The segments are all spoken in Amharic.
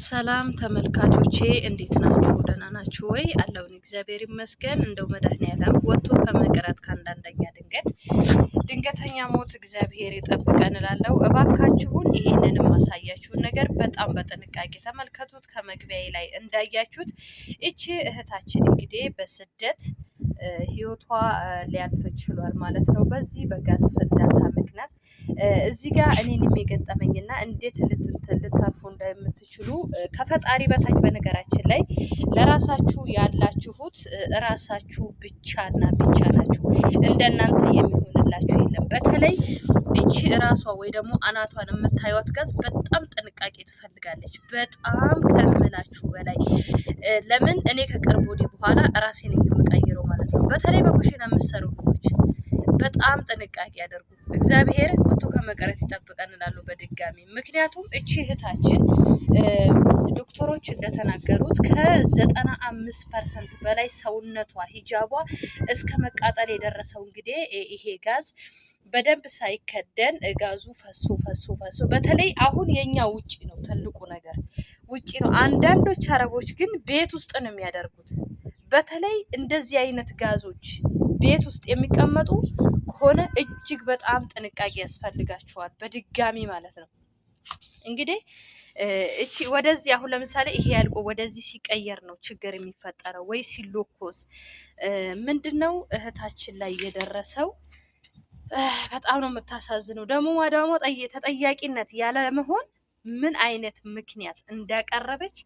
ሰላም ተመልካቾቼ እንዴት ናችሁ? ደህና ናችሁ ወይ? አለውን እግዚአብሔር ይመስገን። እንደው መድኃኒዓለም ወጥቶ ከመቅረት ከአንዳንደኛ ድንገት ድንገተኛ ሞት እግዚአብሔር ይጠብቀን እላለሁ። እባካችሁን ይህንን የማሳያችሁን ነገር በጣም በጥንቃቄ ተመልከቱት። ከመግቢያዬ ላይ እንዳያችሁት እቺ እህታችን እንግዲህ በስደት ህይወቷ ሊያልፍ ችሏል ማለት ነው። በዚህ በጋዝ ፍንዳታ ምክንያት እዚህ ጋር የሚገጠመኝ እና እንዴት ልታርፉ እንደምትችሉ ከፈጣሪ በታች በነገራችን ላይ ለራሳችሁ ያላችሁት ራሳችሁ ብቻና ብቻ ናችሁ። እንደናንተ የሚሆንላችሁ የለም። በተለይ እቺ እራሷ ወይ ደግሞ አናቷን የምታዩት ጋዝ በጣም ጥንቃቄ ትፈልጋለች። በጣም ከምላችሁ በላይ ለምን እኔ ከቅርብ ወዲህ በኋላ ራሴን የምቀይረው ማለት ነው። በተለይ በኩሽና የምትሰሩ ልጆች በጣም ጥንቃቄ ያደርጉ። እግዚአብሔር ወጥቶ ከመቅረት ይጠብቀን እላለሁ በድጋሚ። ምክንያቱም እቺ እህታችን ዶክተሮች እንደተናገሩት ከዘጠና አምስት ፐርሰንት በላይ ሰውነቷ ሂጃቧ እስከ መቃጠል የደረሰው እንግዲህ ይሄ ጋዝ በደንብ ሳይከደን ጋዙ ፈሶ ፈሶ ፈሶ፣ በተለይ አሁን የኛ ውጪ ነው ትልቁ ነገር ውጪ ነው። አንዳንዶች አረቦች ግን ቤት ውስጥ ነው የሚያደርጉት። በተለይ እንደዚህ አይነት ጋዞች ቤት ውስጥ የሚቀመጡ ከሆነ እጅግ በጣም ጥንቃቄ ያስፈልጋቸዋል። በድጋሚ ማለት ነው እንግዲህ እቺ ወደዚህ አሁን ለምሳሌ ይሄ ያልቆ ወደዚህ ሲቀየር ነው ችግር የሚፈጠረው ወይ ሲሎኮስ ምንድን ነው እህታችን ላይ የደረሰው። በጣም ነው የምታሳዝነው። ደግሞ ደግሞ ተጠያቂነት ያለመሆን ምን አይነት ምክንያት እንዳቀረበች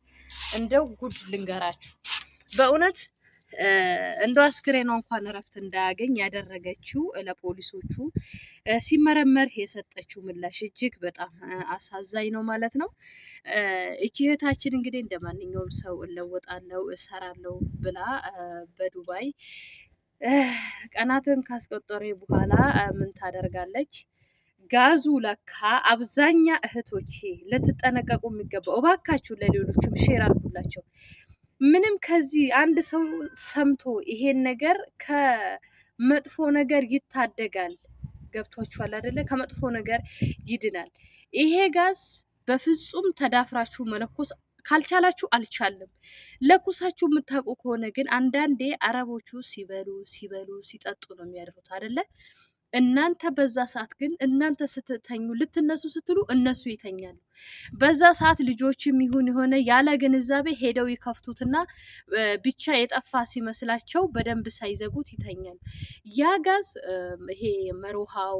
እንደው ጉድ ልንገራችሁ በእውነት እንደ አስክሬኗ እንኳን እረፍት እንዳያገኝ ያደረገችው ለፖሊሶቹ ሲመረመር የሰጠችው ምላሽ እጅግ በጣም አሳዛኝ ነው ማለት ነው። እቺ እህታችን እንግዲህ እንደ ማንኛውም ሰው እለወጣለው እሰራለው ብላ በዱባይ ቀናትን ካስቆጠረ በኋላ ምን ታደርጋለች? ጋዙ ለካ አብዛኛ እህቶቼ ልትጠነቀቁ የሚገባው እባካችሁ፣ ለሌሎችም ሼር አድርጉላቸው። ምንም ከዚህ አንድ ሰው ሰምቶ ይሄን ነገር ከመጥፎ ነገር ይታደጋል። ገብቷችኋል አይደለ? ከመጥፎ ነገር ይድናል። ይሄ ጋዝ በፍጹም ተዳፍራችሁ መለኮስ ካልቻላችሁ አልቻለም። ለኩሳችሁ የምታውቁ ከሆነ ግን አንዳንዴ አረቦቹ ሲበሉ ሲበሉ ሲጠጡ ነው የሚያድሩት አይደለ? እናንተ በዛ ሰዓት ግን እናንተ ስትተኙ ልትነሱ ስትሉ እነሱ ይተኛሉ። በዛ ሰዓት ልጆችም ይሁን የሆነ ያለ ግንዛቤ ሄደው ይከፍቱትና ብቻ የጠፋ ሲመስላቸው በደንብ ሳይዘጉት ይተኛል። ያ ጋዝ ይሄ መሮሃው፣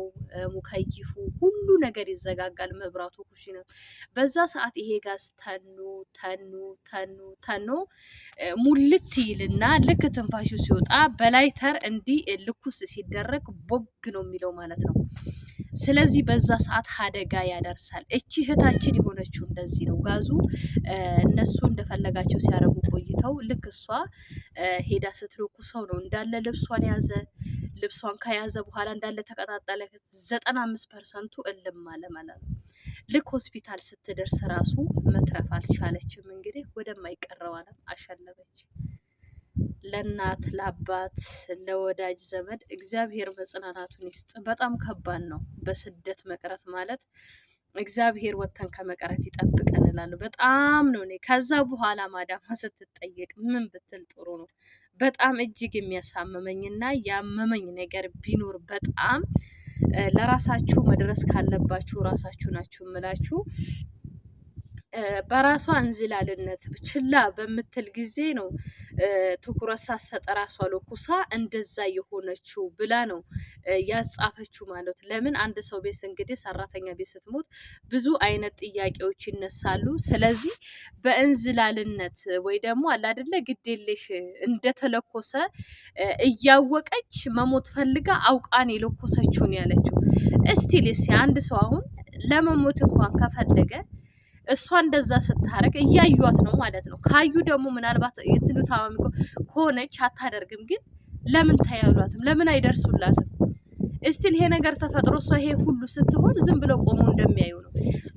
ሙከይፉ ሁሉ ነገር ይዘጋጋል። መብራቱ ኩሽ ነው። በዛ ሰዓት ይሄ ጋዝ ተኖ ተኖ ተኖ ተኖ ሙልት ይልና ልክ ትንፋሹ ሲወጣ በላይተር እንዲህ ልኩስ ሲደረግ ቦግ ነው የሚለው ማለት ነው። ስለዚህ በዛ ሰዓት አደጋ ያደርሳል። እቺ እህታችን የሆነችው እንደዚህ ነው። ጋዙ እነሱ እንደፈለጋቸው ሲያደርጉ ቆይተው ልክ እሷ ሄዳ ስትልኩ ሰው ነው እንዳለ ልብሷን ያዘ። ልብሷን ከያዘ በኋላ እንዳለ ተቀጣጠለ። ዘጠና አምስት ፐርሰንቱ እልም አለ ማለት ነው። ልክ ሆስፒታል ስትደርስ ራሱ መትረፍ አልቻለችም። እንግዲህ ወደማይቀረው ዓለም አሸለበች። ለእናት ለአባት ለወዳጅ ዘመድ እግዚአብሔር መጽናናቱን ይስጥ። በጣም ከባድ ነው በስደት መቅረት ማለት እግዚአብሔር ወጥተን ከመቅረት ይጠብቀን እላለሁ። በጣም ነው እኔ ከዛ በኋላ ማዳማ ስትጠየቅ ምን ብትል ጥሩ ነው። በጣም እጅግ የሚያሳመመኝና ያመመኝ ነገር ቢኖር በጣም ለራሳችሁ መድረስ ካለባችሁ ራሳችሁ ናችሁ የምላችሁ በራሷ እንዝላልነት ችላ በምትል ጊዜ ነው ትኩረት ሳሰጠ ራሷ ለኩሳ እንደዛ የሆነችው ብላ ነው ያጻፈችው ማለት ለምን አንድ ሰው ቤት እንግዲህ ሰራተኛ ቤት ስትሞት ብዙ አይነት ጥያቄዎች ይነሳሉ ስለዚህ በእንዝላልነት ወይ ደግሞ አላደለ ግዴለሽ እንደተለኮሰ እያወቀች መሞት ፈልጋ አውቃን የለኮሰችውን ያለችው እስቲ አንድ ሰው አሁን ለመሞት እንኳን ከፈለገ እሷ እንደዛ ስታረግ እያዩት ነው ማለት ነው። ካዩ ደግሞ ምናልባት የትሉ ታማሚ ከሆነች አታደርግም፣ ግን ለምን ታያሏትም? ለምን አይደርሱላትም? እስቲል ይሄ ነገር ተፈጥሮ እሷ ይሄ ሁሉ ስትሆን ዝም ብለው ቆሞ እንደሚያዩ ነው።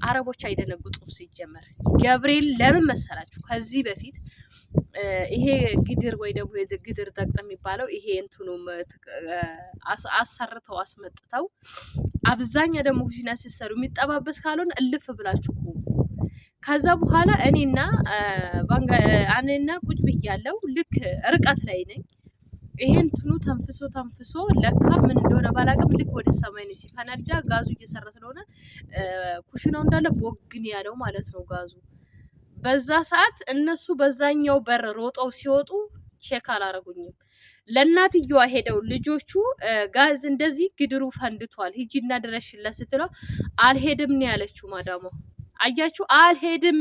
አረቦች አይደነግጡም ሲጀመር። ገብርኤል ለምን መሰላችሁ? ከዚህ በፊት ይሄ ግድር ወይ ደግሞ ግድር ጠቅጥ የሚባለው ይሄ እንትኑ አሰርተው አስመጥተው አብዛኛ ደግሞ ኩሽና ሲሰሩ የሚጠባበስ ካልሆነ እልፍ ብላችሁ ከዛ በኋላ እኔና እኔና ቁጭ ያለው ልክ ርቀት ላይ ነኝ። ይሄን ትኑ ተንፍሶ ተንፍሶ ለካ ምን እንደሆነ ባላቅም ልክ ወደ ሰማይ ነው ሲፈነዳ ጋዙ እየሰራ ስለሆነ ኩሽናው እንዳለ ቦግን ያለው ማለት ነው ጋዙ። በዛ ሰዓት እነሱ በዛኛው በር ሮጠው ሲወጡ ቼክ አላረጉኝም። ለእናትየዋ ሄደው ልጆቹ ጋዝ እንደዚህ ግድሩ ፈንድቷል ሂጂና ድረሽለት ስትለው አልሄድም ነው ያለችው ማዳሟ። አያችሁ፣ አልሄድም።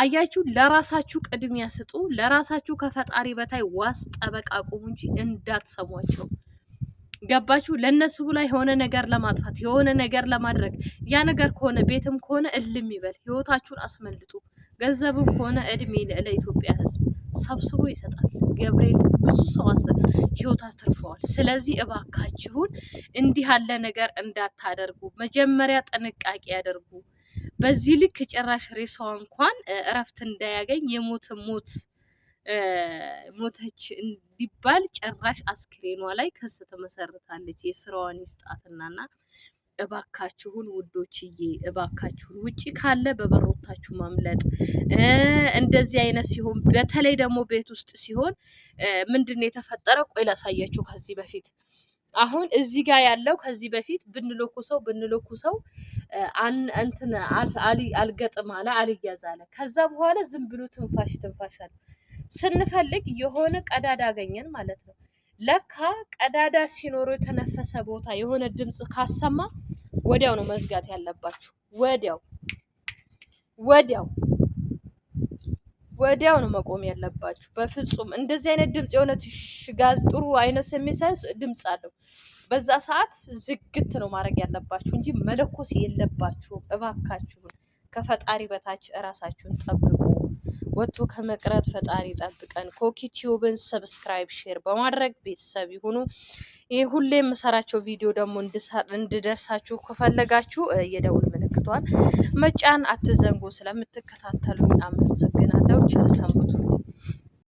አያችሁ፣ ለራሳችሁ ቅድሚያ ስጡ። ለራሳችሁ ከፈጣሪ በታይ ዋስ ጠበቃ ቁሙ እንጂ እንዳትሰሟቸው። ገባችሁ? ለእነሱ ላይ የሆነ ነገር ለማጥፋት የሆነ ነገር ለማድረግ ያ ነገር ከሆነ ቤትም ከሆነ እልም ይበል። ህይወታችሁን አስመልጡ። ገንዘብም ከሆነ እድሜ ለኢትዮጵያ ህዝብ ሰብስቦ ይሰጣል። ገብርኤል ብዙ ሰው ህይወት አትርፈዋል። ስለዚህ እባካችሁን እንዲህ ያለ ነገር እንዳታደርጉ፣ መጀመሪያ ጥንቃቄ ያደርጉ። በዚህ ልክ ጭራሽ ሬሳዋ እንኳን እረፍት እንዳያገኝ የሞተ ሞት ሞተች እንዲባል ጭራሽ አስክሬኗ ላይ ክስ ትመሰርታለች። የስራዋን ይስጣትናና እባካችሁን ውዶችዬ፣ እባካችሁን ውጪ ካለ በበሮታችሁ ማምለጥ እንደዚህ አይነት ሲሆን፣ በተለይ ደግሞ ቤት ውስጥ ሲሆን ምንድን ነው የተፈጠረ? ቆይ ላሳያችሁ ከዚህ በፊት አሁን እዚህ ጋር ያለው ከዚህ በፊት ብንለኩሰው ብንለኩሰው እንትን አልገጥም አለ አልያዝ አለ። ከዛ በኋላ ዝም ብሎ ትንፋሽ ትንፋሽ አለ። ስንፈልግ የሆነ ቀዳዳ አገኘን ማለት ነው። ለካ ቀዳዳ ሲኖረው የተነፈሰ ቦታ የሆነ ድምፅ ካሰማ ወዲያው ነው መዝጋት ያለባችሁ። ወዲያው ወዲያው ወዲያው ነው መቆም ያለባችሁ። በፍጹም እንደዚህ አይነት ድምፅ የሆነ ሽጋዝ ጥሩ አይነት ስሜት ሳይሆን ድምፅ አለው። በዛ ሰዓት ዝግት ነው ማድረግ ያለባችሁ እንጂ መለኮስ የለባችሁም። እባካችሁን ከፈጣሪ በታች እራሳችሁን ጠብቁ። ወጥቶ ከመቅረት ፈጣሪ ጠብቀን። ኮኪቲዩብን ሰብስክራይብ፣ ሼር በማድረግ ቤተሰብ ይሁኑ። ይህ ሁሌ የምሰራቸው ቪዲዮ ደግሞ እንድደርሳችሁ ከፈለጋችሁ የደውል ምልክቷን መጫን አትዘንጉ። ስለምትከታተሉኝ አመሰግናለሁ። ቸር ሰንብቱ።